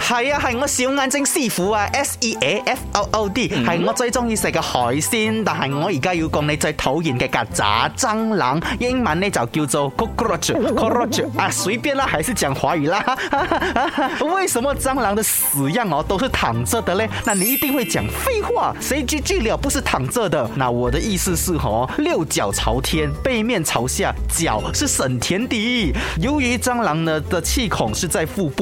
係啊，係我小眼睛師傅啊，S E A F O O D 係、mm-hmm。我最中意食嘅海鮮，但係我而家要講你最討厭嘅曱甴蟑螂，英文呢就叫做 cockroach cockroach 啊，隨便啦，還是講華語啦。 為什麼蟑螂的死樣哦都是躺着的呢？那你一定會講廢話，誰知最了不是躺着的？那我的意思是何、哦、六腳朝天，背面朝下，腳是省田地。由於蟑螂呢的氣孔是在腹部。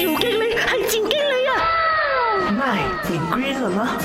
趙經理係趙經理啊，唔係變了嗎？